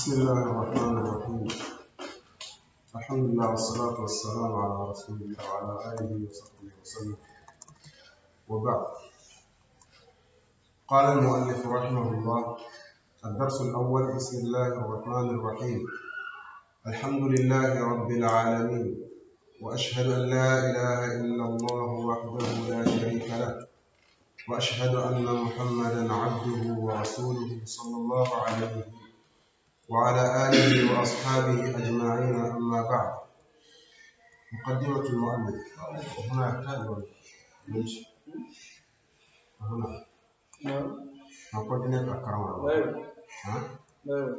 بسم الله الرحمن الرحيم الحمد لله والصلاة والسلام على رسول الله وعلى آله وصحبه وسلم وبعد قال المؤلف رحمه الله الدرس الأول بسم الله الرحمن الرحيم الحمد لله رب العالمين وأشهد أن لا إله إلا الله وحده لا شريك له وأشهد أن محمدا عبده ورسوله صلى الله عليه وسلم وعلى آله وأصحابه أجمعين أما بعد مقدمة المؤلف وهنا كان نمشي نعم نقول إنك أكرم نعم. ها نعم.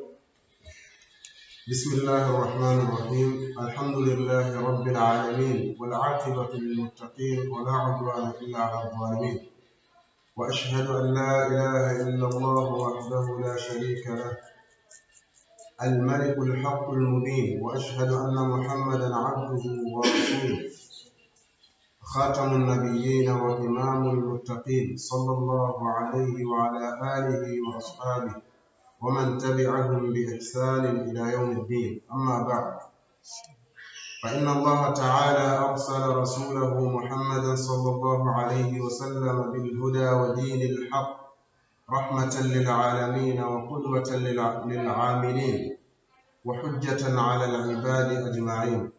بسم الله الرحمن الرحيم الحمد لله رب العالمين والعاقبة للمتقين ولا عدوان إلا على الظالمين وأشهد أن لا إله إلا الله وحده لا شريك له الملك الحق المبين واشهد ان محمدا عبده ورسوله خاتم النبيين وامام المتقين صلى الله عليه وعلى اله واصحابه ومن تبعهم باحسان الى يوم الدين اما بعد فان الله تعالى ارسل رسوله محمدا صلى الله عليه وسلم بالهدى ودين الحق رحمة للعالمين وقدوة للعاملين وحجة على العباد أجمعين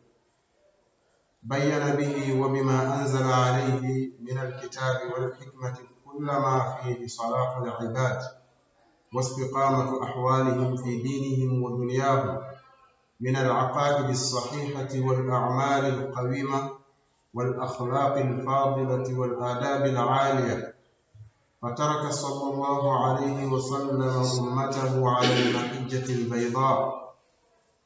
بين به وبما أنزل عليه من الكتاب والحكمة كل ما فيه صلاح العباد واستقامة أحوالهم في دينهم ودنياهم من العقائد الصحيحة والأعمال القويمة والأخلاق الفاضلة والآداب العالية فترك صلى الله عليه وسلم أمته على المحجة البيضاء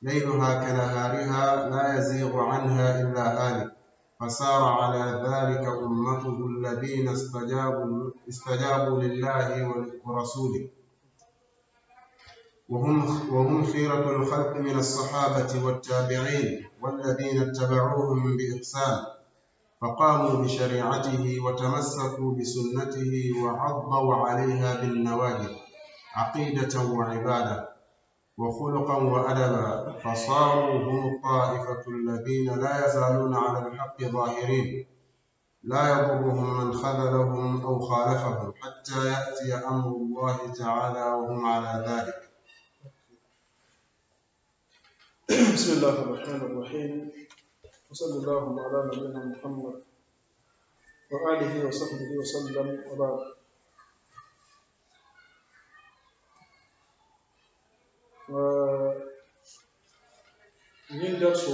ليلها كنهارها لا يزيغ عنها إلا هالك فسار على ذلك أمته الذين استجابوا, استجابوا لله ورسوله وهم, وهم خيرة الخلق من الصحابة والتابعين والذين اتبعوهم بإحسان فقاموا بشريعته وتمسكوا بسنته وعضوا عليها بالنواهي عقيدة وعبادة وخلقا وأدبا فصاروا هم الطائفة الذين لا يزالون على الحق ظاهرين لا يضرهم من خذلهم أو خالفهم حتى يأتي أمر الله تعالى وهم على ذلك بسم الله الرحمن الرحيم وصلى اللهم على نبينا محمد وآله وصحبه وسلم وبعد آه، من درس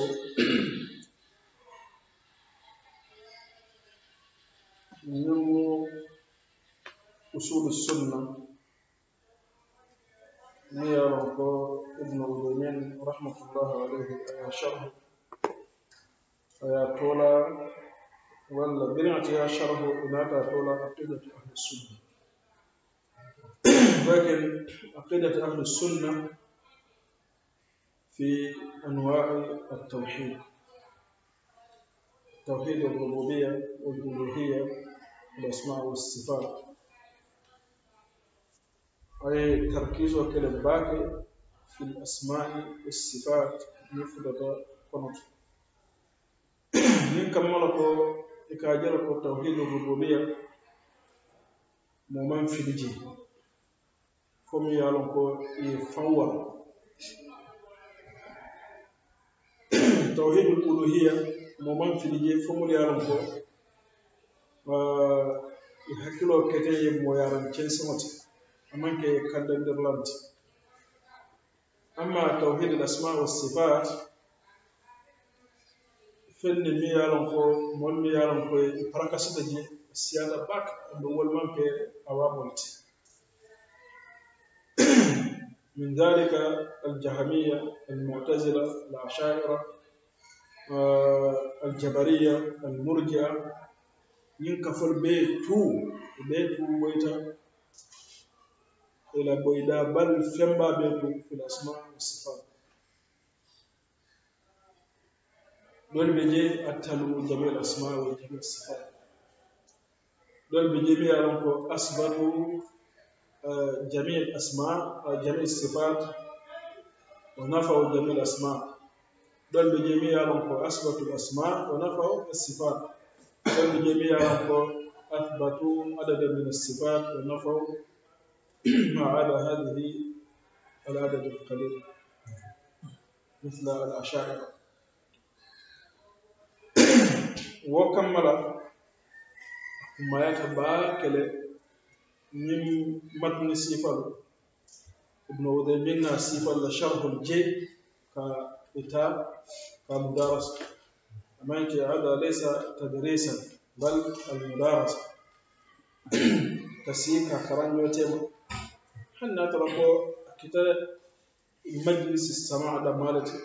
نمو أصول السنة نيا نعم، ابن عثيمين رحمة الله عليه آه، شرحه ويطول ولا بنعتها شره إنها طول عقيدة أهل السنة لكن عقيدة أهل السنة في أنواع التوحيد توحيد الربوبية والألوهية والأسماء والصفات أي تركيز كلمات في الأسماء والصفات مفردة ونطق nin kammala ko i ka jara ko tawhidu rububiya mo man fili ko mi yalo ko e fawwa tawhid wara tawhidu uluhiya mo man fili fo mulu yalo ko wa e hakilo kete e mo kensiŋo cen a maŋ ke ye kandandirlanti amma tawhidu wa sifat fenne mi yalon ko mol mi yalon ko parakasi da je siyada bak do wol man pe awa bonti من ذلك الجهمية المعتزلة الأشاعرة الجبرية المرجئة ينكفر بيتو بيتو ويتا إلى بيدا بل فيما بيتو في الأسماء والصفات دول بيجي أتلو جميع الأسماء وجميع الصفات دول بيجي بيها لنكو أثبتوا جميع الأسماء جميع الصفات ونفوا جميع الأسماء دول بيجي بيها لنكو أثبتوا الأسماء ونفوا الصفات دول بيجي بيها لنكو أثبتوا عددا من الصفات ونفوا ما عدا هذه العدد القليل مثل الأشاعرة وكمل ما يتبارك من متن سيفل ابن وذيبنا سيفل شرح الجي كتاب كمدارس ما انت هذا ليس تدريسا بل المدارس تسيك كران يوتيما حنا تلقوا كتاب مجلس السماع دمالتي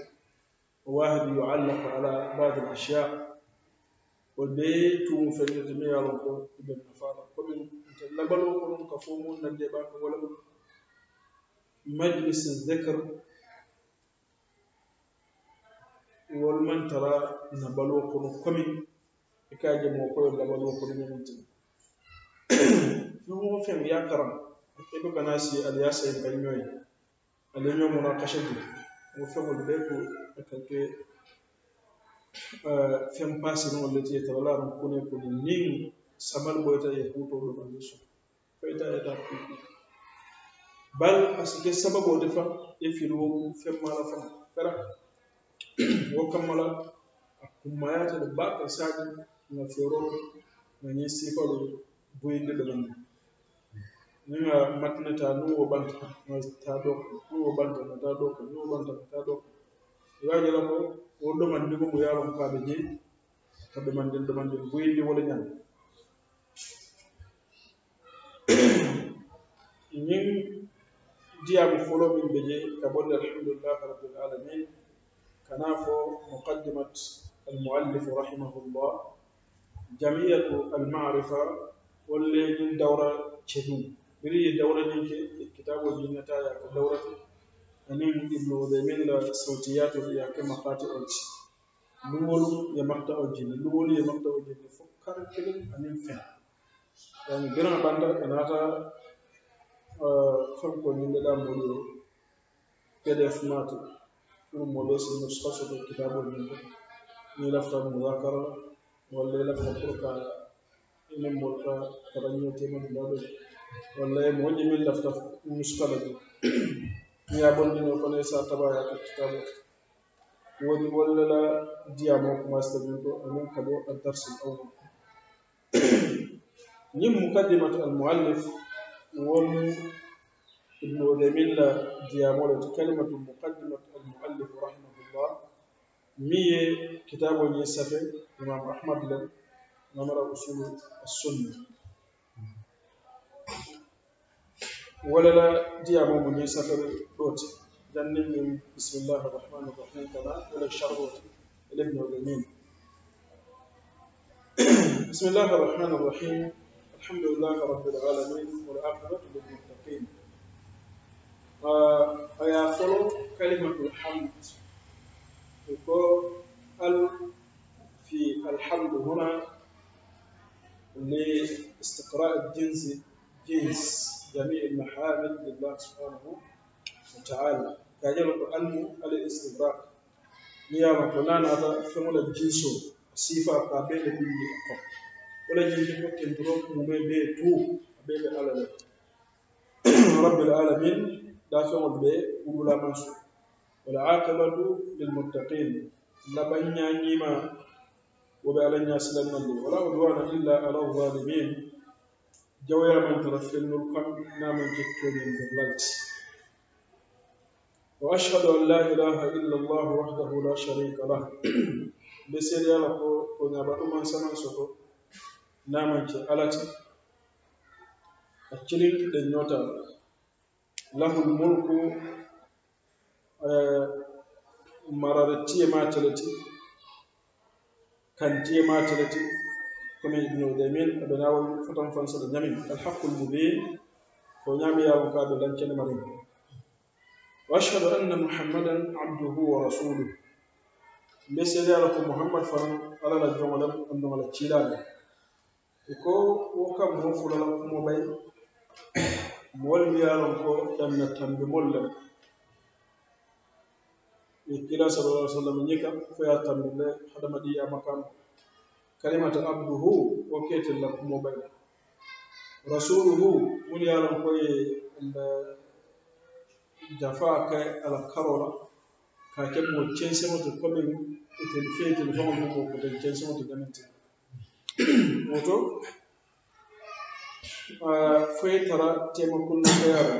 واحد يعلق على بعض الاشياء wol be tumu feñirte mi ye lon ko ɓe nafaala commin te labaloo konon ka fo mun nan deɓaaka wala majlis dhikr wol man tara na baloo kono commin e kaa jemoo koyo labaloo kono ñamintin fiwo feŋ ya karam e ko kana si aliyasa e bañoye ala ñoo munakasha ji wo feŋol bee ko e ka ke Eh, fen pasino le tiye tawala no kone nin samal boyta ye kuto do so fayta ya bal asike sababu de fa e filo fen mala fa kara wo kamala kumaya ta da ba ta na fero na ni sifalo boyinde do bande ninga matnata nuwo banta ta do nuwo banta ta do nuwo banta ta do iwajala ko wo ɗomandigo mo yaalon kaaɓe jeyi ka ɗomandin ɗomandin boyindi wala ñande ñin jiyaaɓe folo min ɓe jeyi ka bonde alhamdulillah rabbil alamin kana fo muqaddimat almuallif rahimahullah jamiyatu almarifa wolle ñin dawra cedum biri dawra ñinke e kitabol jinnataya ko dawrate anin ibnu udaymin la sawtiyatu ya ke makkati olji luwolu ye makta o jinni luwolu ye makta o jinni fof kala kelen anin fen yani grand banda e naata fonko yimɓeɗa mboɗi o pdf naati pour moɓe so nuskaso ɗo kitabol yimɓe ni lafta mudakara walla lafta pour ka enen molka kara ñotemanɗaɗo walla e mo waɗi min lafta nuskala ɗum ñaabondino kono sa tabaraka taala woni wollala diyamo kumasta min ɗo amin kabo addarsul awal ñin mukaddimatu almuallif won ibnu utaymin la diyamole to kalimatu mukaddimatu almuallif rahimahullah mi ye kitabo ñi safe imam ahmad len namara usulu assunna ولنا ديامو من يسافر دوت جنن بسم الله الرحمن الرحيم كما ولا الشر الابن والمين بسم الله الرحمن الرحيم الحمد لله رب العالمين والعاقبة للمتقين فلو كلمة الحمد يقول ال في الحمد هنا لاستقراء الجنس جنس جميع المحامد لله سبحانه وتعالى كاجل أنه الاستدراك ليا كنان هذا فمولا جنسو صفة قابلة بيه أقوى ولا جنسو كنتروك ممين بيه تو قابلة على رب العالمين لا دافعوا به ولا منصور والعاقبة للمتقين لبنيا نيما وبعلى الناس يسلم الله ولا عدوان إلا على الظالمين jawya man tara fennul kan na man jikko min der wa ashhadu an la ilaha illa allah wahdahu la sharika lah be sel yala ko ko nyaba to man sama soto na man ci alati accelin de nyota lahul mulku eh, mararati e matalati kan je matalati komi ibnu udaymin aɓe nawol foton fon soɗo ñamin alhaqul mubin ko ñaamiyawo kaɓe lancene marin wa ashhadu anna muhammadan abduhu wa rasuluh mbe seede ala ko muhammad fan alala jongolem andogala ciilaɓe e ko wokkam ho fulala kumo ɓay mo wol mbiyanon ko ƴamna tambe mollem e kila sallallah sallam ñika foya tambille hadamadiya makamko kalimata abduhu wo ketella kumo bayla rasuluhu woni ye lon koye jafa ka ala karola ka ke mo censeŋoto komin iten fee telefoŋo mu ko koten censeŋoto ganante woto foye tara tema kullakayaro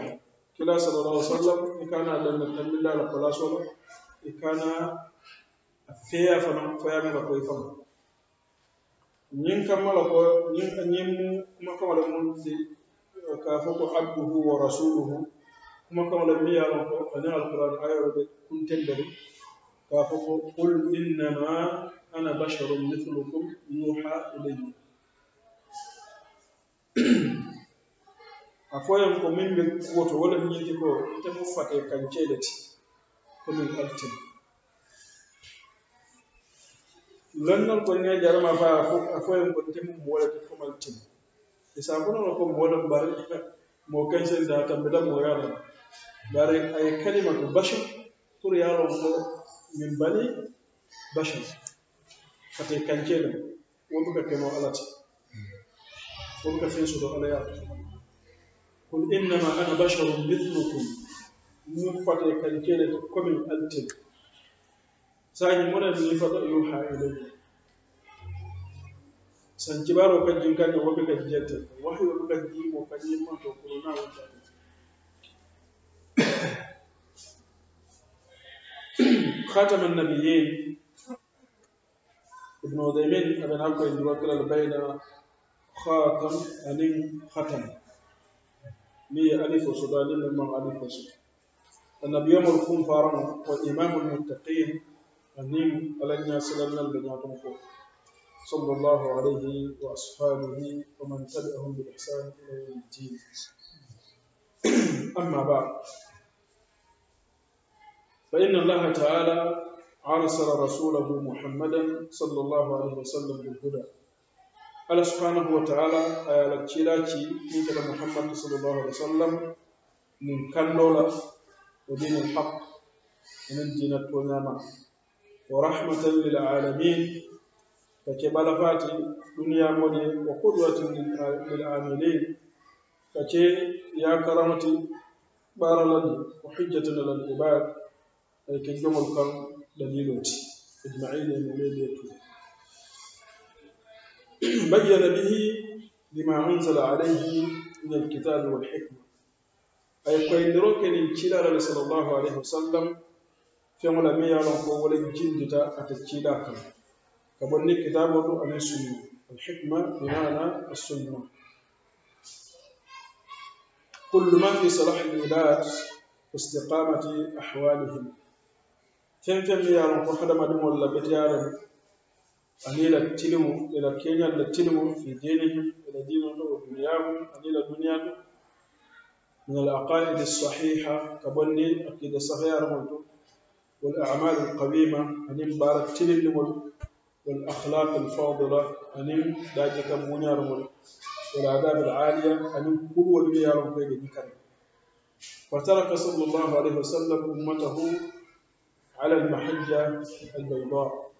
kila sallallahu alaihi wasallam ikana lanna tamilla la palasola ikana feya fana ñiŋ kamma mala ko ñiŋ kuma ko le muŋ ci ka fa eh, ko abduhu wa rasuluhu kuma ko miŋ mi a ko ana alquran ayoro be kuntenderi ka fa ko qul innama ana basharun mithlukum yuha ilayya a fo ko min be kuwo to wo le miŋ ko te mu fate kan ceedati ko min ali lonnol ko ne jarama fa afoyen kon tem mo wala to komal tim e sabuno ko mo wala bar mo kansen da tambe dam mo yara bare ay kalima ko bashar tur yaro ko min bani bashar kate kanke da wo buka keno alati wo ka fen su do ala ya kun innama ana basharun mithlukum mu fate kanke da komin antum ساجي مولا ني يوحى إليه sankibaro وقد jinkanda wobe ka وقد wahi wobe ka jimo ka jimo to خاتم النبيين ابن عثيمين ابن عبد الوكر بين خاتم أنين خاتم مي ألف وسودان من ألف وسودان النبي يوم الكون فارم وإمام المتقين anin alanya sallallahu alaihi wa صلى الله عليه وأصحابه ومن تبعهم بإحسان إلى يوم الدين أما بعد فإن الله تعالى عرسل رسوله محمدا صلى الله عليه وسلم بالهدى الله سبحانه وتعالى على آية تشيلاتي مثل محمد صلى الله عليه وسلم من كان ودين الحق من دين التونامة ورحمة للعالمين فكبل فاتي دنيا مولي وقدوة للعاملين فكي يا كرامتي بارلني وحجة للعباد أي يوم القرن دليلتي اجمعين المميلية بين به بما أنزل عليه من الكتاب والحكمة أي قيل روكني صلى الله عليه وسلم feŋo la meŋ ye loŋ ko wo le jindita ate ciila kaŋ ka bonni ni kitaabo to aniŋ sunna alhikma bimana assunna kullu man fi salahi libad istiqamati ahwalihim feŋ feŋ meŋ ye a loŋ ko hadamadiŋolu la beteyaalu ani ila tilimu ila keñal la tilimu fi dinihim ila dinoto wa duniyahum ani ila duniyato min alaqaidi sahiha ka bonni akida sahiya aramonto والأعمال القويمة أنم بارك تلنمول والأخلاق الفاضلة أنم داجك منيرمل والعذاب العالية أنين كل وليارم بيجي نكرم فترك صلى الله عليه وسلم أمته على المحجة البيضاء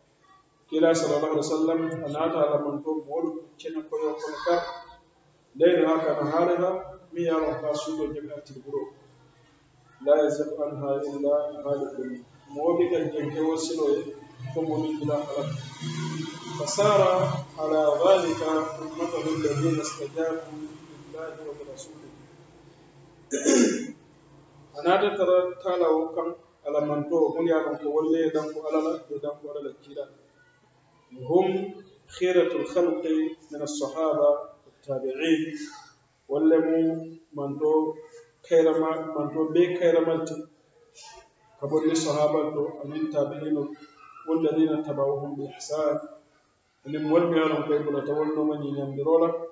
كلا صلى الله عليه وسلم أن أتى على من توب مولد كنا كل يوم ليلها كنهارها نهارها رفع سوق الجمعة البرو لا يزيد عنها إلا الدنيا موبك الجنجو سلوي ثم من إلى فسار على ذلك أمته الذين استجابوا لله ولرسوله أنا ترى تالا وكم على من تو من يعلم تولى دم على لا دم على لا كيرا هم خيرة الخلق من الصحابة والتابعين ولموا من تو خير ما من تو بكير ما تي كبر الصحابة أمين تابعين والذين تبعوهم بإحسان لم والبيان كيف نتولى من لك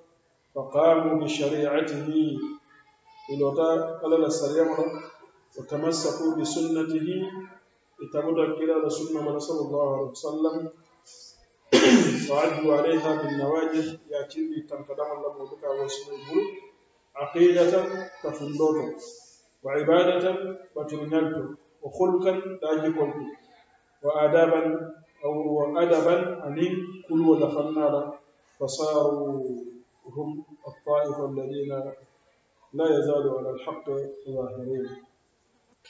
فقاموا بشريعته إلوتا قال السريع وتمسكوا بسنته لتبدأ كلا سنة صلى الله عليه وسلم وعدوا عليها بالنواجذ يأتي تنقدم الله بك وسن عقيدة كفندوتو وعبادة وتنجلتو وخلقا لا جيكولتي وآدابا أو وأدبا عن كل ودخلنا فصاروا هم الطائفة الذين لا يزالوا على الحق ظاهرين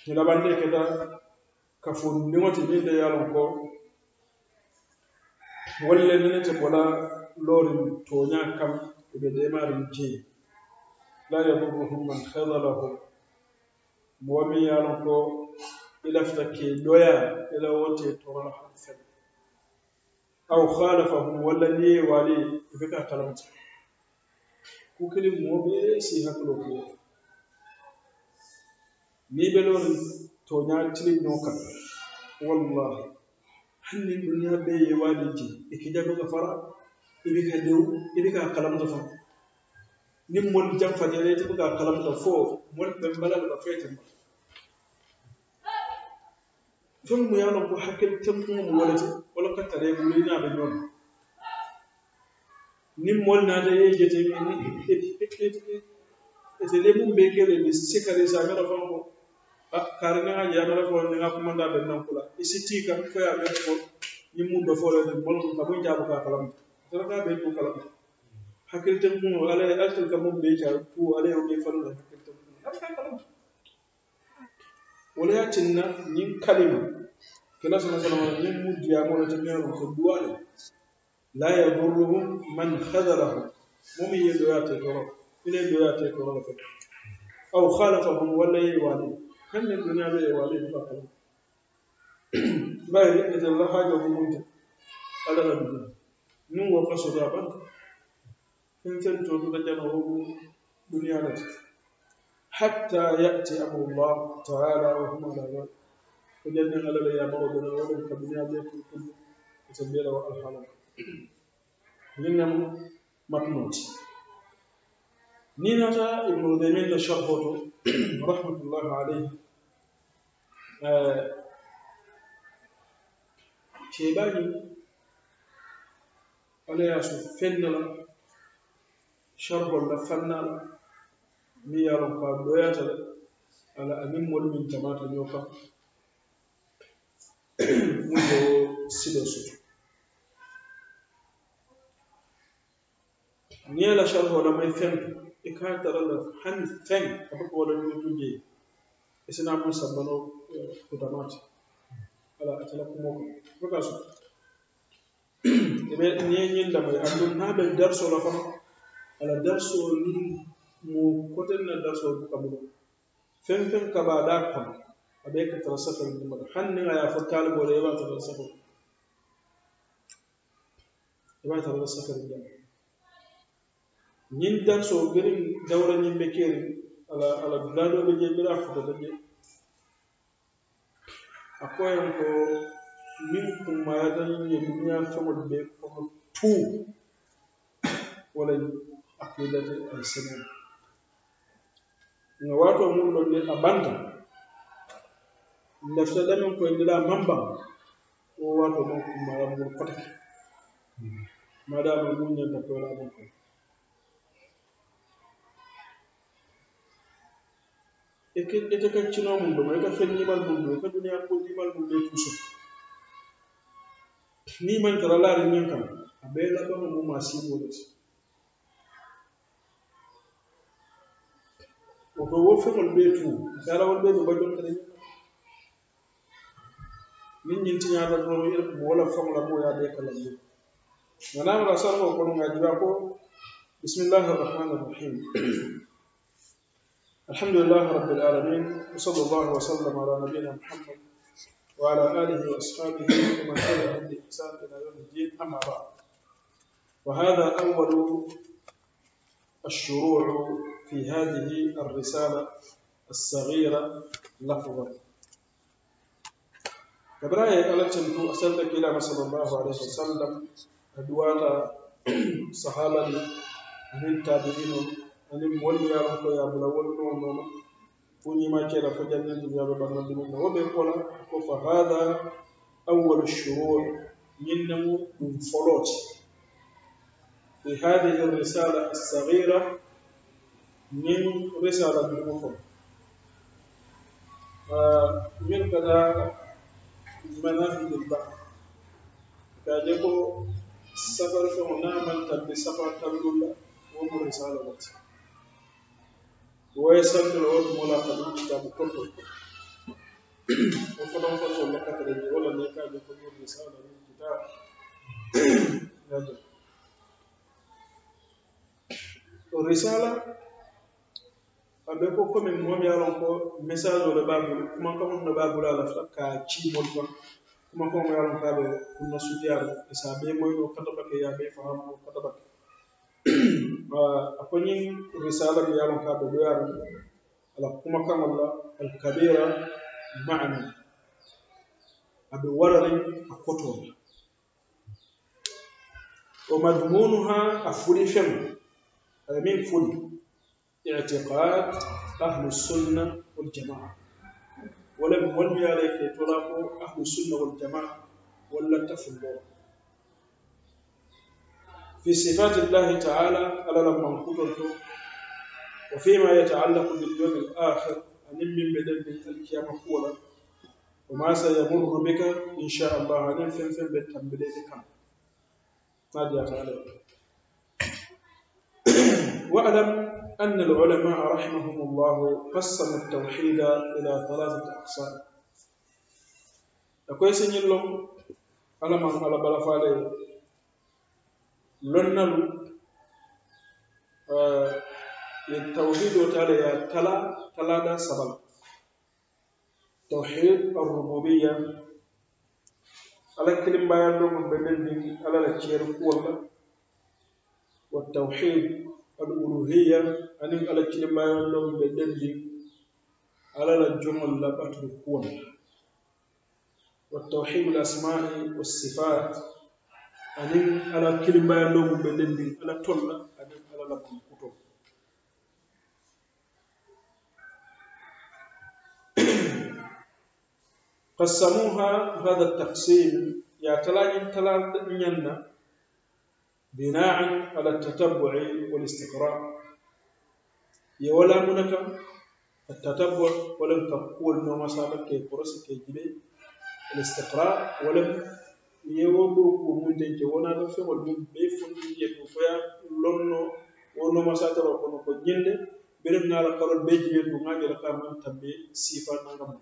لبني كده كفون نمت من ديالهم walle nene te bola lorin toña kam ɓe demarin jeyi la yaduruhum man hadalahum mo wami yalon ko إلى فتكي دويا إلى وتي تورا حرفين أو خالفهم ولا لي ولي بكا كلمت كوكلي موبي سي هكلو كو بلون تونيا تلي نوكا والله هل الدنيا بي والدي إكجابي غفرا إبكا ديو إبكا كلمت فا نمول جنفا جليتي بكا كلمت فو مول بمبلغ بفيتم بكا tun mu ya ko hakil tun mu wala ti wala ka tare mu ni na non ni mol na da ye je te ni ete le mu be gele ni sikare sa ga rafa ko kare nga ya ga rafa ni ga kuma da ben nan kula isi ti ka ko ya ga ko ni mu do fo le mol ko ko jabu ka kalam to ka be ko kalam hakil tun mu wala altul ka mu be ta ku ala yo be falu hakil tun mu ka kalam ولا تنا نين كلمة كلا صلى الله عليه وسلم نين مدي أمونا تميان الخدوان لا يضرهم من خذلهم ممي يدويات الكرام من يدويات الكرام أو خالفهم ولا يوالي هم الدنيا لا يوالي فقط باي إذا الله حاجة بمونتا ألا نبدا نوقف صدابا إن تنتو تدجن هو دنيا نتك حتى يأتي أمر الله تعالى وهم على ذلك وجدنا على يا مرضنا ولم كبنا بيكم كل وتبير والحرام لنا مكنوت نينا ابن عثيمين الشرفوت رحمة الله عليه آه شيباني عليه سفنلا شرب لفنا min ye a lɔn ko a doyata dɛ ala ani mɔli min tamata ɲɔgɔn kan mun ko si dɔ so ni ye lasari hɔ lamɛn fɛn i k'a tara la hali fɛn a bɛ kɔgɔ la ɲɔgɔn tun bɛ yen i sina mun san bana kutamata ala a tala kuma kan a bɛ ka so ni ye ɲin lamɛn a don n'a bɛ dariso la fana ala dariso ni mu koten na da so ka bu fen fen ka ba da kam abe ka tara safar ni ma hanni ga ya fatal bo re ba ta da safar ba ta da safar ni nyin da so girin dawra ni me kere ala ala dulado be je bira fa da je akoy ko min kuma ya dan ni duniya fa be ko tu wala aqidatu al-sunnah nga waato mun ɗon ne a ɓanta lefta ɗamen koye ndila mamba o waato mon kummaya ngol patake maɗama atakwenda huko Eke eke ete kaccino mum ɗum eka fennimal mum ɗum eka duniya kollimal mum ɗe tuso ni man tara laari men kam a ɓe laɓama mum a sibolete وتوفر البيت قال والبيت ما جبت من جنت نعم الرؤية ولا فهم لا بويا ديك الله نعم رسول الله قلنا جبابه بسم الله الرحمن الرحيم الحمد لله رب العالمين وصلى الله وسلم على نبينا محمد وعلى آله وأصحابه ومن تبع عند إلى يوم الدين أما بعد وهذا أول الشروع في هذه الرسالة الصغيرة لفظا كبراية قالتن تو أسلت ما صلى الله عليه وسلم أدوانا صحابة من تابعين أن مولي يا رب يا الأول نوم ما كلا فجنة يا رب نوم وبقول فهذا أول الشروع ينمو من فلوت في هذه الرسالة الصغيرة من رسالة الأخرى آه، من كذا منافذ البحر كاجيكو سفر فهنا من تبدي سفر تبدل ومن رسالة الأخرى العود مولا كتاب كله وفلان فتو لك تريد ولا نيكا بكل رسالة من كتاب الرسالة a bɛ ko komi mɔgɔ min y'a lɔn ko mesage dɔ b'a bolo kumakanw dɔ b'a bolo a la ka ci mɔli kan kumakanw y'a lɔn k'a bɛ kunna sutiya la parce a bɛ mɔyi o kata bakɛ a bɛ fanga o kata bakɛ a ko ni risala min y'a lɔn k'a bɛ doya la a la kumakan la alkabira ma'ana a bɛ warari a kɔtɔ la o madumunuha a foli fɛn a bɛ min foli اعتقاد أهل السنة والجماعة ولم ولم عليك طلاق أهل السنة والجماعة ولا تفلوا في صفات الله تعالى ألا لما قدرته وفيما يتعلق باليوم الآخر أن من بدل الكيام قولا وما سيمر بك إن شاء الله أن فنفن بالتنبليك كم نادي تعالى واعلم أن العلماء رحمهم الله قسم التوحيد إلى ثلاثة أقسام أكوي لهم على ما على بلا فالي لنلو آه التوحيد وتعالى تلا تلا دا سبب توحيد الربوبية على كلمة يلوم بمن على الكير والتوحيد الألوهية أن على كلمة يوم بدلي على الجمل لا الكون والتوحيد الأسماء والصفات أن على كلمة يوم بدلي على طلة أنك على لبات الكون قسموها هذا التقسيم يا تلاقي تلاقي بناء على التتبع والاستقراء يولا منك التتبع ولم تقول نوما سابق كي قرص كي جلي الاستقراء ولم يوبرك ومن تنك ونا لفه والمن بيفن يدو فيا لنو ونوما ساتر وكونو كو جند برم نالا قرول بيجي يدو ما جلقا من تبي سيفا نغم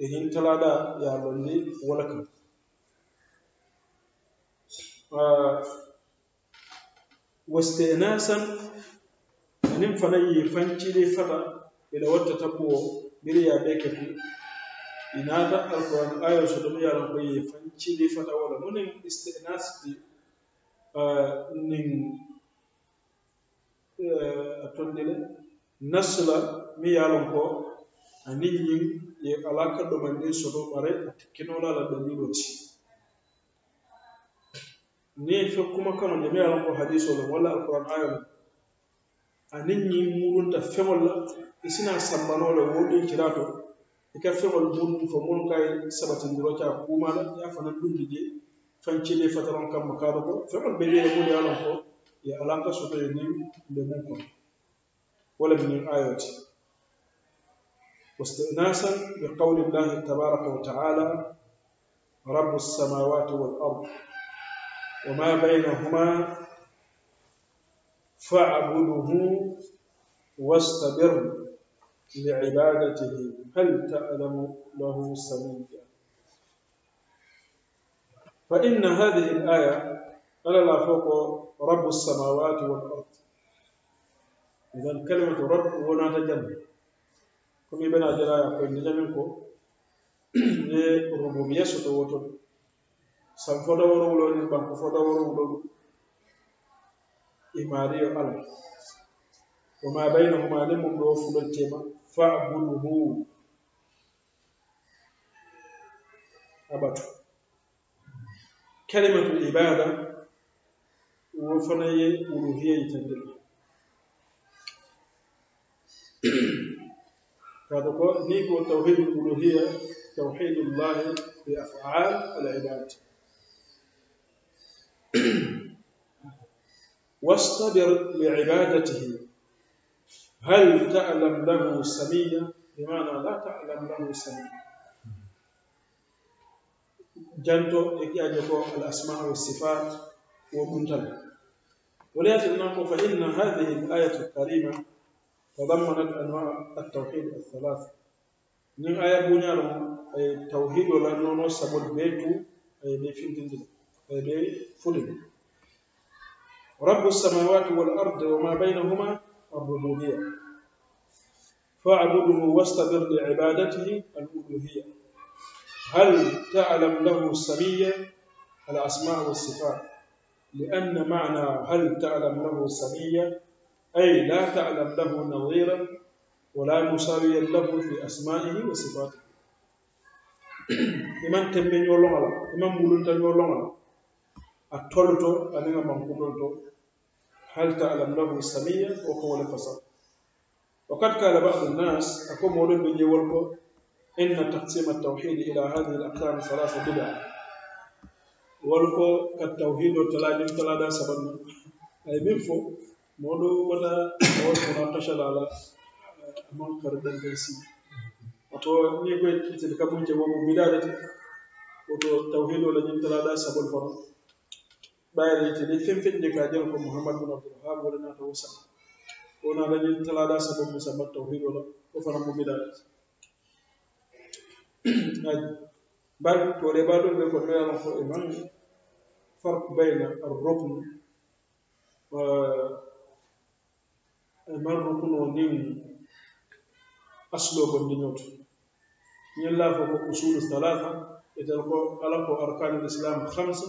إن تلادا يا لندي ولكم واستئناسًا منين فني يفنتي دي فدا الى وقت تبو بريا بك ina ta alkuwan ayar su da muyaran kwaye fanci ne fata wala nunin istinas di nin tundile nasula miyalan ko a nin yin ya alaka domin su do bare a tikin wala da dalilo ci ne fe kuma kano de me alanko hadiso la wala alquran ayo la anin ñi murunta feŋol la i sina sambano le wo din kira to i ka feŋol munnu fo munnu ka ye sabatindiro ca kuma la ya fana dundi je fancile fataron kamma kaado ko feŋol be jele mun ye ko ye alan ka soto ye nin be mun kono wala bi nin ayo ti واستئناسا بقول الله تبارك وتعالى رب السماوات والأرض وما بينهما فاعبده واستبر لعبادته هل تعلم له سميا فإن هذه الآية ألا لا فوق رب السماوات والأرض إذا كلمة رب هنا تجمع كم يبنى جلايا قيل نجمعكم ربوبية سطوة san fo dawaro wuloni banko fo dawaro wulolu imariyo ala wama bainahuma ni mum ɗo fulo tema fabuduhu abatu kalimatul ibada wo fanaye uluhiya yitandel kaɗa ko ni ko tawhidul uluhiya tawhidullahi bi afal al ibad واصطبر لعبادته هل تعلم له سميا بمعنى لا تعلم له سميا جانتو e الاسماء والصفات al ولكن نقول فإن هذه الآية الكريمة تضمنت أنواع التوحيد الثلاث من آية بنيرو أي توحيد نونو سبب بيتو أي بيفين دلدل فلد رب السماوات والأرض وما بينهما الربوبية فاعبده واستبر لعبادته الألوهية هل تعلم له السمية الأسماء والصفات لأن معنى هل تعلم له السمية أي لا تعلم له نظيرا ولا مساويا له في أسمائه وصفاته إمام تنبين يولون الله إمام مولون تنبين يولون الله atolto aninga mankudol to hal ta'lam lahu samia wa qawla fasad وقد قال بعض الناس أكون مولود بني ولكو إن تقسيم التوحيد إلى هذه الأقسام الثلاثة بدعة ولكو التوحيد والتلاجم تلادا سبنا أي من فوق مولو ولا مولو مناقشة على أمان قردن بيسي أتو نيكو يتلك بنجي ومو بدادة وتوحيد ولا نمتلادا سبنا bayre tini fen fen de ka jel ko muhammad bin abdul wahab wala na tawsa wona la ni talada sabu musabba tawhid wala ko fana mo bidal bal to le badul be ko mera ko iman farq bayna ar-rukn wa mar rukn wa nim aslo ko dinyoto ñella fo ko usul thalatha etel ko ala ko arkan al-islam khamsa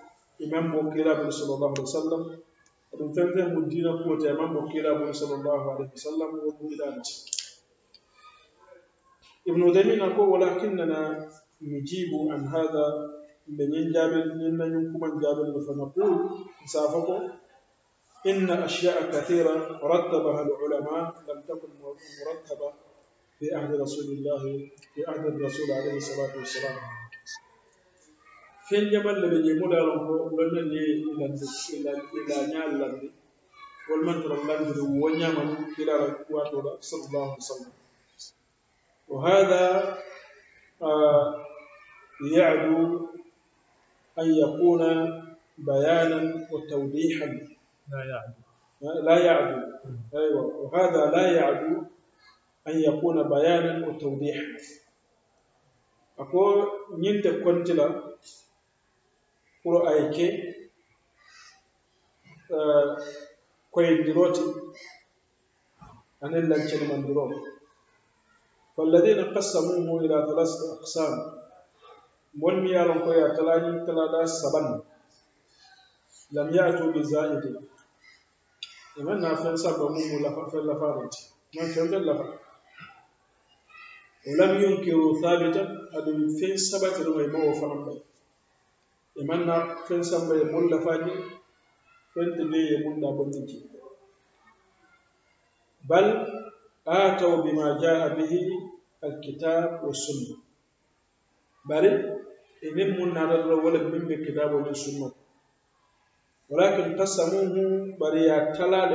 imam kilaɓe bin sallallahu alaihi wasallam oɗum fente mo dina kuwote imam mo bin sallallahu alaihi wasallam sallam o ɓuyiɗanti ibnu damin ako walakinnana nujibu an hada mbe ñin jaɓel ñin nañum kuman jaɓel no fa naqul safa ko إن أشياء كثيرة رتبها العلماء لم تكن مرتبة في عهد رسول الله في عهد الرسول عليه الصلاة والسلام كن جمال لبي جمود على الله ولن نيلاند إلى نيال لاند ولمن ترى لاند ونيا من إلى قوات ولا صلى الله عليه وسلم وهذا آه أن يكون بيانا وتوضيحا لا يعدو لا يعدو أيوة وهذا لا يعدو أن يكون بيانا وتوضيحا أقول نينت كنت wuro ayke koye duroti anen lancene man duro walladina qassamuhu ila talasati aqsam wonmi yalon koye a talañi talaɗa saban lam yatu bi zaidin emen na fen sabba mumu lafa fen lafarenti man fen fen lafa walam yunkiru thabitan aɗum fen sabatiro e mawo fanan ɓay imanna ken samba ye mulla faji fente ne ye mulla bontiki bal آتوا بما جاء به الكتاب والسنة بل إنهم من نرى ولا من الكتاب والسنة ولكن قسموه بريا تلال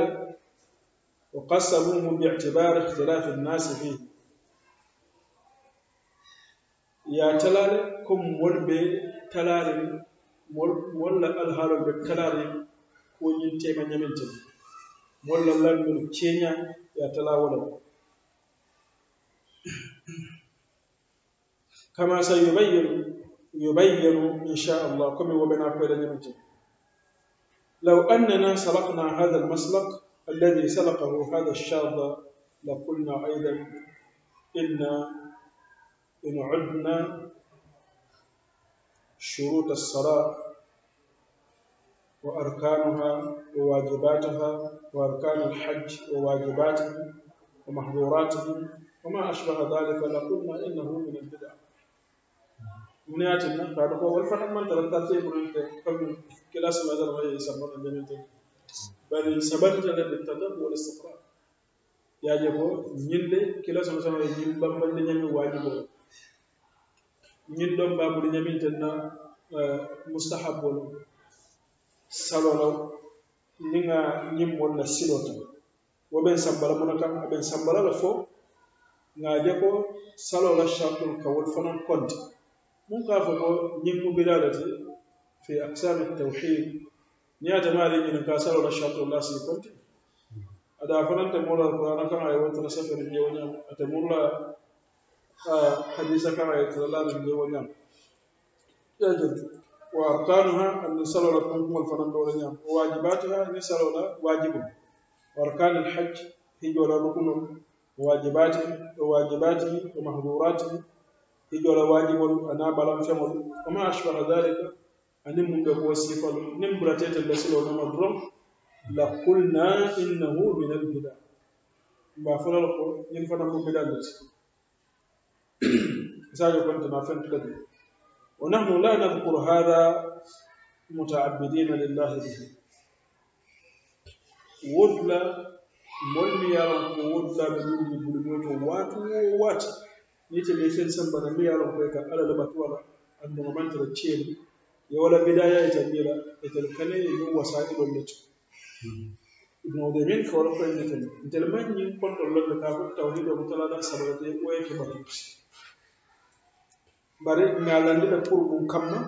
وقسموه باعتبار اختلاف الناس فيه يا تلال كم ولبي تلال molla alhaalol ɓe kalaade ko ñintema ñaminten molla lanmin keña ya talawola kama sa yubayyinu yubayyinu inchallah komi woɓena koyɗa ñaminten لو أننا سلقنا هذا المسلك الذي سلقه هذا الشاذ لقلنا أيضا إن إن عدنا شروط الصلاة وأركانها وواجباتها وأركان الحج وواجباته ومحظوراته وما أشبه ذلك لقلنا إنه من البدع من فهذا هو الفتح من تلقى تيبرن كم كلاس ما ذا غير يسمون الجنة بل سبب جل التدب والاستقرار جبو نيل كلاس ما ذا غير يبقى من واجبه ñin ɗon mbaɓuri ñamin ten na mustahabol salolo ninga ñimmol na silo tan wo ɓen sambala muna kam aɓen sambala la fo ŋaje ko salola shartul kawol fanan konti mun ka fo ko ñimmuɓirala ti fi aksami tawhid ni ata maari ñinin ka salola shartullah si konti ada fananta molal qur'ana kan ay wontana safari ñewoñam ate murla حديث كما يتلال من وليام يا جد وأركانها أن صلوا لكم الفنان وليام وواجباتها أن صلوا واجب وأركان الحج هي ولا ركن واجباته وواجباته ومحظوراته هي ولا واجب أنا بلام فمل وما أشبه ذلك أن من هو صفة نمبرتات التي لو نمدرم لقلنا إنه من البدع ما فلان ينفع نقول بدع مثال كنت ما فهمت كذا ونحن لا نذكر هذا متعبدين لله به wodla molmi yaron ko wodla ɓe ɗumɗi bulmiyoto watu wo wati yite ɓe sen sambana mi yaron koye ka alala batuwala andugo mantara ceeni yo wala bidaya e tabira e tel kane e yo wasailol leto ibnu odemin ko wala koye ndeten ntel mañi konɗo lolle ka ko tawhido mo talala sabarate ɓoye keɓatu bare ŋaalandi ɓe purgum kamma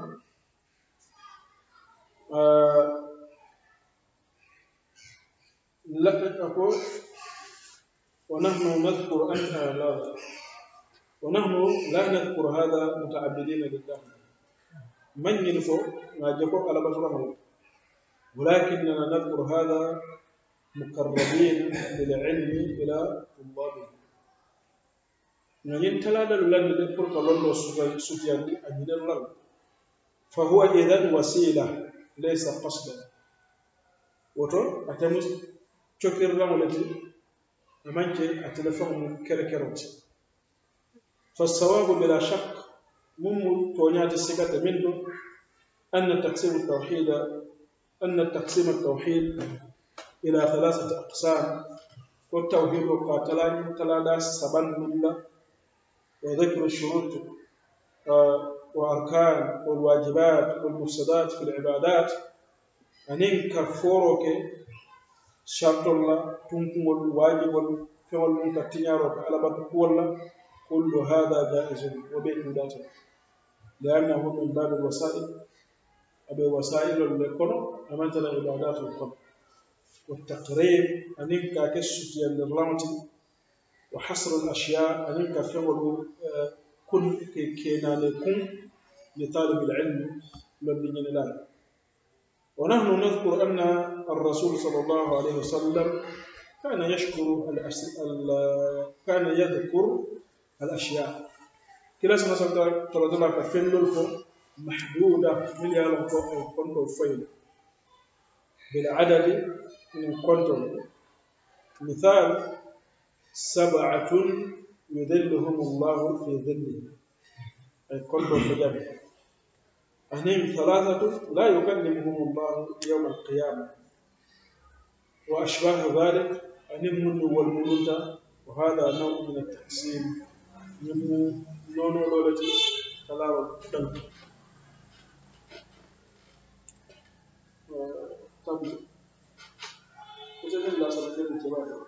ko ونحن نذكر أن لا ونحن لا نذكر هذا متعبدين لله من ينفو ما جفو على بشرة ولكننا نذكر هذا مقربين للعلم إلى الله ñoñin talalalu lanndene pour que lonno فهو إذن وسيلة ليس قصدا وتو أتمس تشكر رمولتي فالصواب بلا شك مم تونيات السكة منه أن تقسيم التوحيد أن تقسيم التوحيد إلى ثلاثة أقسام والتوحيد قاتلان ثلاثة سبان الله وذكر الشروط آه، وأركان والواجبات والمفسدات في العبادات ان كفورك شرط الله تنكم الواجب والفعل منك تنيارك على بطل كل هذا جائز وبين ذاته لأنه من باب الوسائل أبي وسائل لكم امثل عبادات القبر والتقريب أنين كاكشف للرمتي وحصر الأشياء أن يكفيه آه، كل كينان كن لطالب العلم مبني له ونحن نذكر أن الرسول صلى الله عليه وسلم كان يشكر الأس... ال... كان يذكر الأشياء كلا سنة سنة تردنا كفين كفلل محدودة مليار كنتو فيل بالعدد من كنتو مثال سبعة يذلهم الله في ظله القلب والجبل أهنهم ثلاثة لا يكلمهم الله يوم القيامة وأشباه ذلك أنهم والملوك وهذا نوع من التقسيم نمو نونو لولتي تلاوة الدم آه، طب وجد الله صلى الله عليه وسلم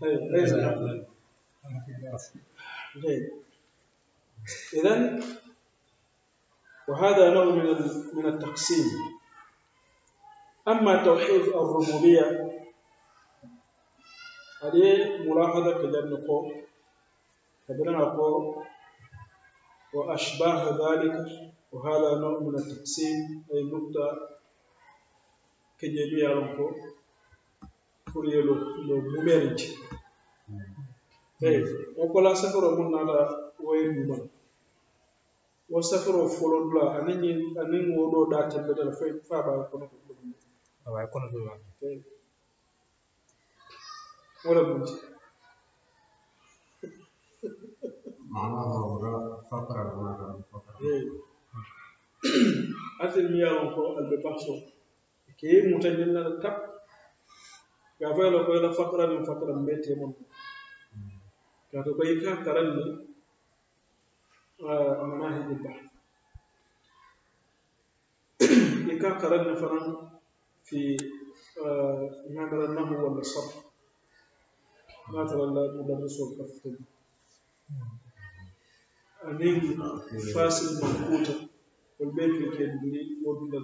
طيب، إذن إذا وهذا نوع من من التقسيم أما توحيد الربوبية هذه ملاحظة كذا نقول كذا نقول وأشباه ذلك وهذا نوع من التقسيم أي نقطة كجميع نقول pour ye le mumɛri di wɔkɔla sɛfɛrɛ mun na la wɔye duma wɔ sɛfɛrɛ fɔlɔ bila ani ni ani ŋo dɔ da tɛmɛ da la fo fo a b'a kɔnɔ ko a b'a kɔnɔ ko wala mun ti maana wala fa fara wala ka fa fara ate mi ya ko albe passion ke mutanyalla kap ka fo yala ko yala fakra min fakra mbe te mon ka to koy ka karan ni manahij al-bahth ka karan ni fanan fi ما ترى النهو ولا الصرف ما ترى المدرس والكفتب أنين فاصل منقوطة والبيت يكيد لي وبلا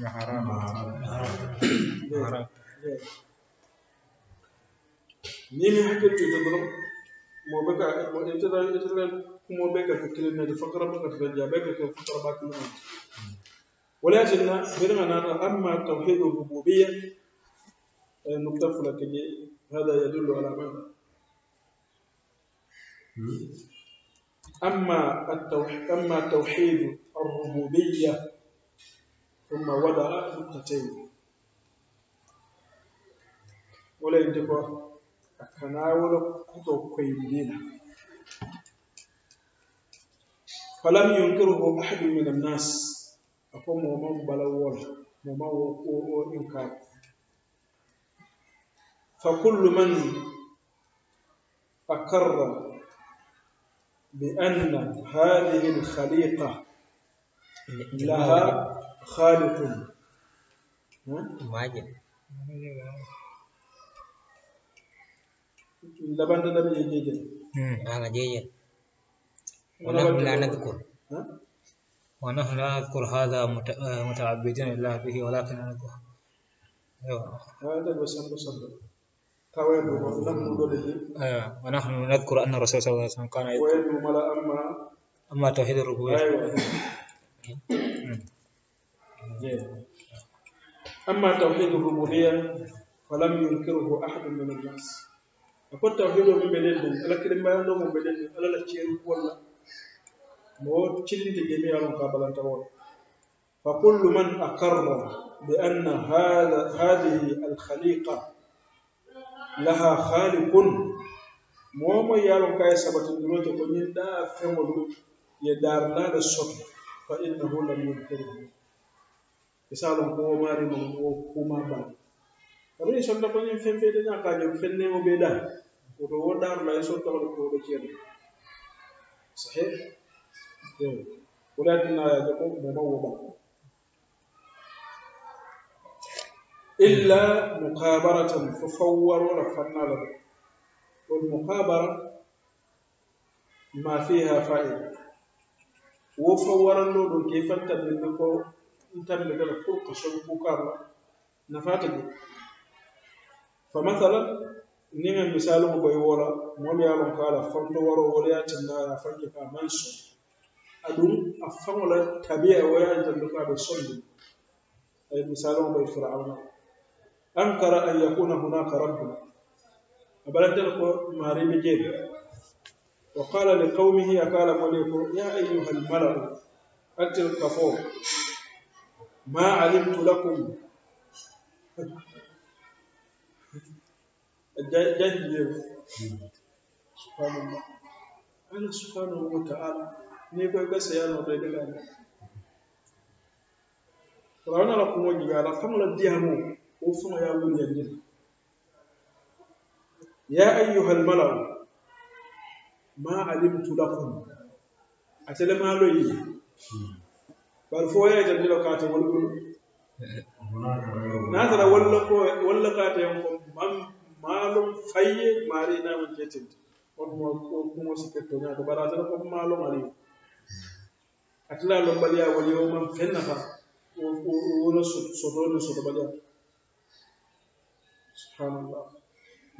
يا حرام حرام حرام نيمي بيكل تدبرم مو بكا مو انتظر انتظر مو بكا فكر ان الفقر بكا ترجع بكا كفكر باك من ولكن برنا اما توحيد الربوبيه نقطه فلك هذا يدل على ماذا اما التوحيد اما توحيد الربوبيه ثم وضع نقطتين ولا يدرك تناول كتب قيمين فلم ينكره أحد من الناس أقوم ومن بلول ومن إنكار فكل من أقر بأن هذه الخليقة لها خالق ماجد لبن لم يجيجن أنا ونحن لا نذكر ونحن لا نذكر هذا متعبدين لله به ولكن نذكر هذا وسلم وسلم ونحن نذكر أن الرسول صلى الله عليه وسلم كان يذكر أما أما توحيد الربوبية أما توحيد الربوبية فلم ينكره أحد من الناس akon tawhido min ɓe nden ala kilimayano mum ɓe nden ala la ceeru walla mo cillite jemi alum ka balanta won fa kullu man aqarra bi anna hada hadihi alkhaliqa laha khaliqun momo yalon kaye sabatindorote ko ñin ɗa feŋolu ye darlaɗa soto fa innahu lam yunkiruhu misalum ko womarimo wo kuma baa ri sonda ko ñin fen fede ña ka ñom fenne o be dal o to wo dar la so to ko do ci sahih yo wala dina ya ko mo ma wo ba إلا مقابرة ففور ورفعنا له ni ko in فائدة وفور ko كيف ko تبلغ na fata نفاتك fa mathalan niŋ misaaloo boy wo la moolu ye a loŋ ko a la fanto waroo wo le ye a tinna a ye a fanke ko a maŋ soŋ aduŋ a faŋo la tabiya wo ye a janto ko a be soŋ le ay misaaloo boy firawuna ankara an yakuna hunaka a balantele ko maari be jee wa qala li qawmihi a a la moolu ye ya ayuha almalau atel kafoo ma alimtu lakum death level subhanallah Allah subhanahu wa ta'ala ne kwa gasa ya na dai daga ne Rawana la kuma giga la famala diamo o fuma ya wuri yande Ya ayyuhal mala'u ma alimtu lakum atele malo yi bal fo ya jande lo kata wal na tara walla ko walla kata yan ko mam maalum fayye maari na wajjetinta wonmo kumo sikkettoñaako bara tara komo maalum ari atila lombaliya woni o man fennata wona sotone sotobaliya subhanallah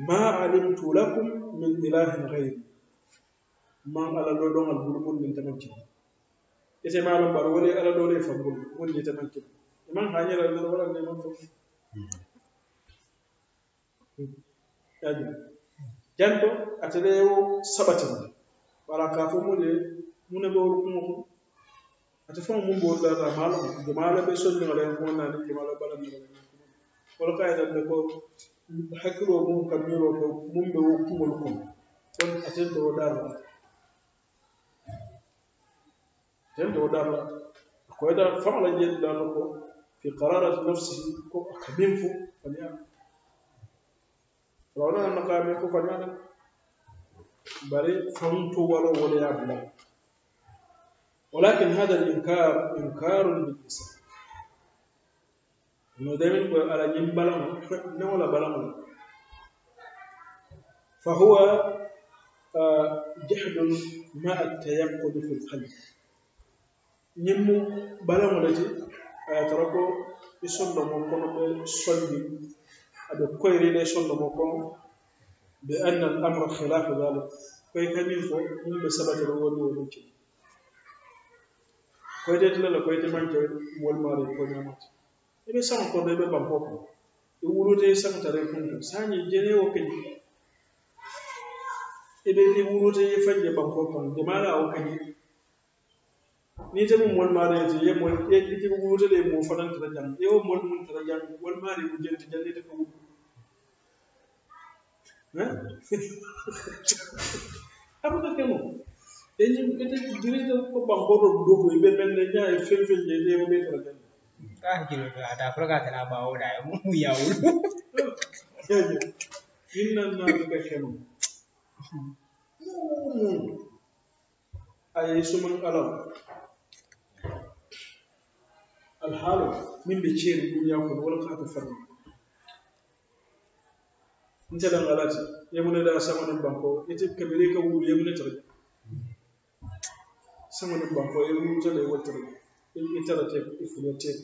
ma alimtu lakum min ilahin gayri ma ala loɗongal bulumol min tamankino ite maalum bara woni ala ɗole e fambol wonni tamankino iman hañiral men waɗanne man fof janto atelewo sabatin waraka fo mule mune be wol kumo ko ate fo mum bo da da malo do malo be so ngale ko na ni malo bala ni wol kay da be ko hakiro mum kamiro ko mum be wo kumo ko na ko bari wala y'a ولكن هذا الإنكار إنكار بالإسلام. إنه دائما يقول على جنب بلغه ولا فهو جحد ما التيقظ في القلب. نمو بلغه التي تركه يصلي من قلب aɗa koye relation ɗo mo kon ɓe anna al amra khilafu dhalik koye kamin fo ɗum ɓe sabatoro woni woni ke koyde tilala koyde manke wolmaare ko ñamata eɓe sama kono eɓe bam fof ɓe wurude samtare kunto sañi jene o kañi eɓe ɗi wurude fanje bam fof pan demala o kañi ni te mum wol maare ti ye mol e ti ko wurte de mo fanan tara jam e o mol mun tara jam wol maare ko jenti jande te ko wut hein abu ka kemo e ni e te dire to ko bam bo do do ko be men ne nyaa e fel fel je de o be tara jam ka hakilo ka ta fura ka tara ba o da mu ya wul inna na ka kemo a yesu man alaw الحالة من بتشير الدنيا كل ولقى تفرم انت لن غلاتي يمنا لا سمن البنكو يتب كبيريك وو يمنا ترجع سمن البنكو يمنا تلا يوترجع يتلا تيب يفلو تيب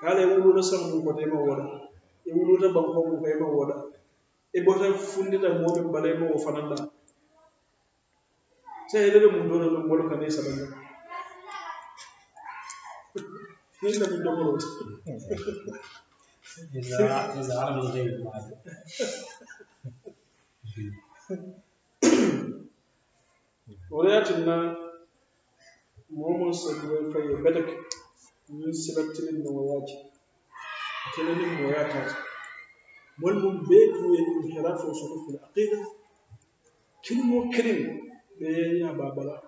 kala e wuluɗo sango mum koto ema woɗa e wuluta banko mum ko ema da e bota fundita moɓe mbala da o fananɗa sa heɗeɗe mum dona ɗum wolo kane saɗaga الا بالنمرود اذا عرف الغيب ولكن موموس في بدك من سبت النوايات كلمة النوايات والمن بيت الانحراف وصفوف العقيدة كلمة كلمة بين يا بابلا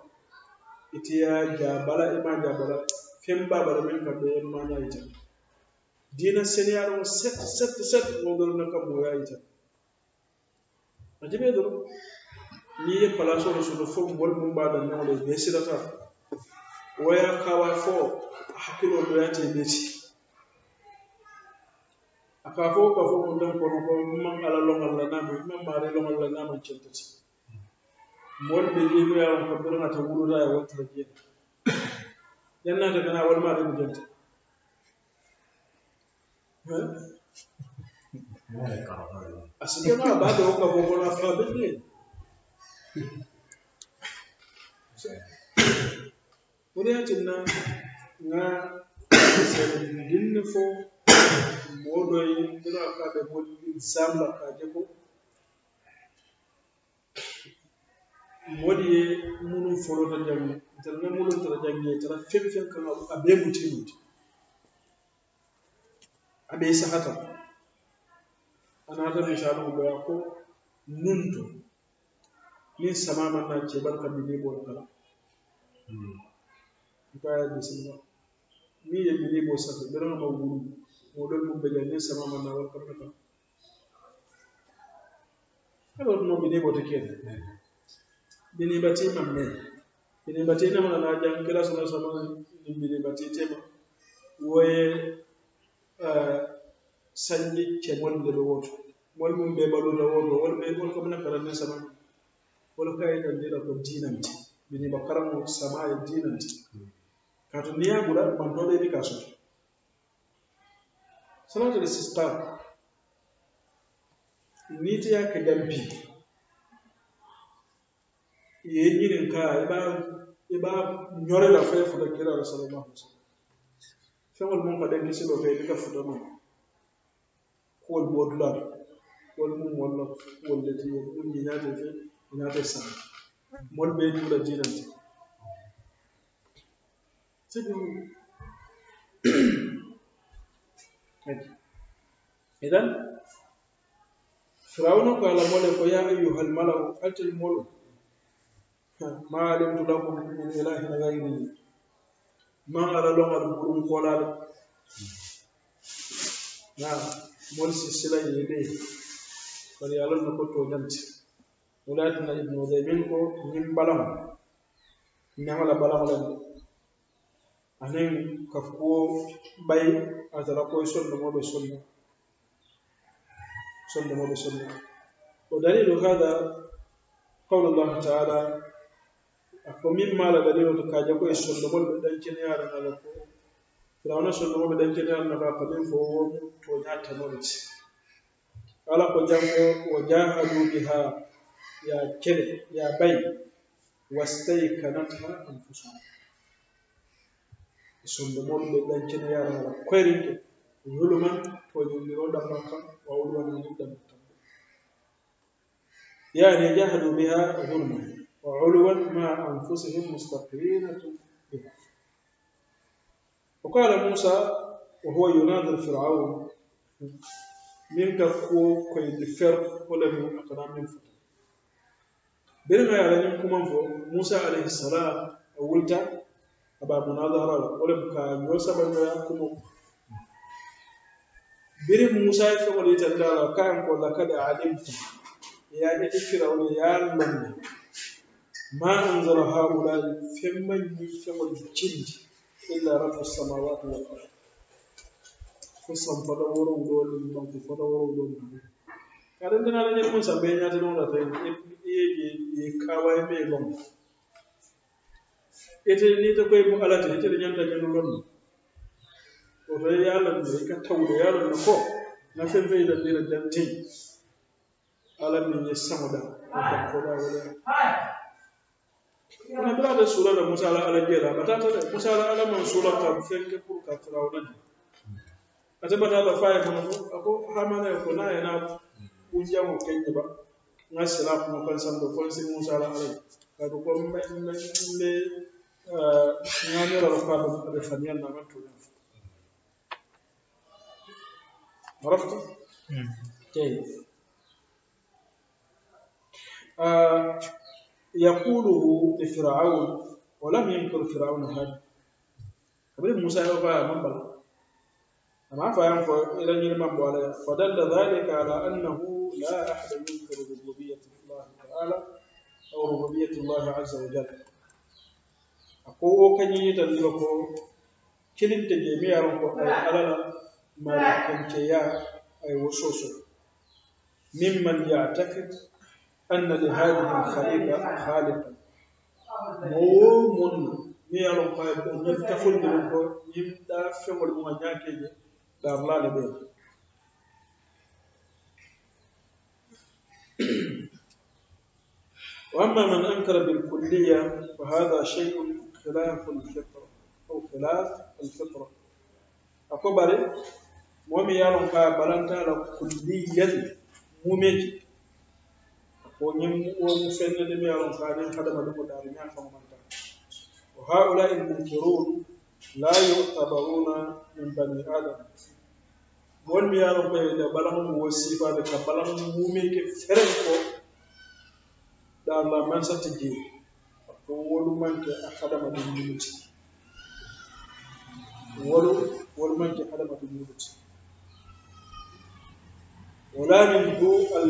إتيا جابلا إما جابلا ken babal men ka be ma nya ita dina seniyaro set set set ngol na ka mo ya ita ajibe do ni ye palaso do so fo mol mum ba da ngol be sirata waya kawa fo hakilo do ya te be ci aka fo ka fo mo dan ko ko man ala longal la na be man mare longal la na man centati mol be ye ya ko be na ta wuro da ya wata ke jannata kana walma ɓe mujanta a sigema baɗo hokka bogono afra ɓeɗɗe wuriyatinna nga sendinne fo ko tara ne mulum tara jange tara fen fen kan a be muti muti a be sahata ana ta insha Allah ko ya ko nunto ni sama man na ce barka bi ne bo kala hmm. ba ya bisimila ni ya bi ne bo sa da ran ma guru mo don mu be ne sama man na barka bi kala kada wani bi ne bo take ne hmm. bi ne ba ti man ne bilimbatite nema nana jaŋ kila sala eh, sama niŋ bilimbatitema wo sanji kemolu le be woto wolu muŋ be baluta woto wolu be wolu ka mena karanne sama wolu ka yitandi la ko diinamti bilimba karamo sama ye diinamti kaatu niŋ ye a bula mantoo be ka soto salatul istisqa niite ye a ke jampi ye ɲininka i b'a i b'a ɲɔrɛ la fɛn fɔlɔ kira la sallallahu alaihi wasallam fɛn wɛrɛ mun ka da kisi dɔ fɛ i bɛ ka fɔtɔ ma k'olu bɔ dula wali mun wari la k'olu de ti ye ko ɲinan tɛ fɛ ɲinan tɛ san mɔli bɛ dugu la ji la ten sidi idan firawuna ko ala mɔlɛ ko ya ayyuhal malau atil mɔlu ma alimtu lakum min ilahin gayri ma ala lon al ko ɗum kolaɗo na molsi silayi ɓe kono yalon no kotto jante wulatina ibnu udaymin ko min balam nehola balam lan anen kafkuwo ɓay atala koye sonno moɓe sonno sonno moɓe sonno o dalilu hada qawlu llahu taala a min maala dalilo to kaje koye sondomol ɓe ɗan keneyara ala ko firawna sondomo ɓe ɗan keneyara naka ko min fo wo toña tanolti ala ko janko wo jahadu biha ya kele ya bay wastaykanatha anfusahum e sondomol ɓe ɗan keneyara ala koyrinke yuluman toñindiro ɗamman kam wawulwanani ɗamman kam yani jahadu biha zulman وعلوا مع أنفسهم مستقينة بها وقال موسى وهو يناظر فرعون من كفو كي يدفر ولا من أقرام من فتح بينما يعلن يمكم موسى عليه الصلاة أولتا أبا مناظرة ولا بكان يوسى بن يعقوب بير موسى يفهم ليتدارا كان قد علمت يا يعني إفرا ويا المنى ما أنزل هؤلاء فمن ينفع الجلد إلا رب السماوات والأرض kusan fadawar wurin nan ku fadawar wurin nan kadan dana ne kun sabe ya tana da tai ye ye kawai mai gon ita ne ta kai mu alata ita da yan da yan wurin ya lan ka taure yaron ko na san da dira ya sama da ko da wona be ate sula la musa ala ala jeela batata de musa ala ala man sula ka fenke pour ka firawna je ate batata faye kono ko ako hamanaye ko na yena kunjamo kenje ba nga sila kuma kan santo fonsi musa ala ala kato ko mbe ñamira la faata ade faniyan na man tuulen عرفت؟ طيب آه يقوله لفرعون ولم ينكر فرعون هذا قبل موسى يوفى المنبر بلا عفا ينفع إلى من بلا فدل ذلك على أنه لا أحد ينكر ربوبية الله تعالى أو ربوبية الله عز وجل أقول كني يتذكر كلمة جميع ربك أي على ما لكم يا أي وصوصه ممن يعتقد أن لهذه الخليفة خالقا مومن ni yalo ko ko ni taful ni ko yimta fewol mo nyaake je dar la le be واما من انكر بالكليه فهذا شيء خلاف الفطره او خلاف الفطره اكو بري مومي يالون كا بلانتا لا كليه مومي ومن ومفن لم يرون فعلين خدم لهم الأرميان فمنتا وهؤلاء المنكرون لا يعتبرون من بني adam. won mi yaro ɓe da balan wasifa ba ka balan mume ke feren ko da la man sa tigi ko wolu man ke akadama dum jumuti wolu wolu man ke akadama dum jumuti wala min du al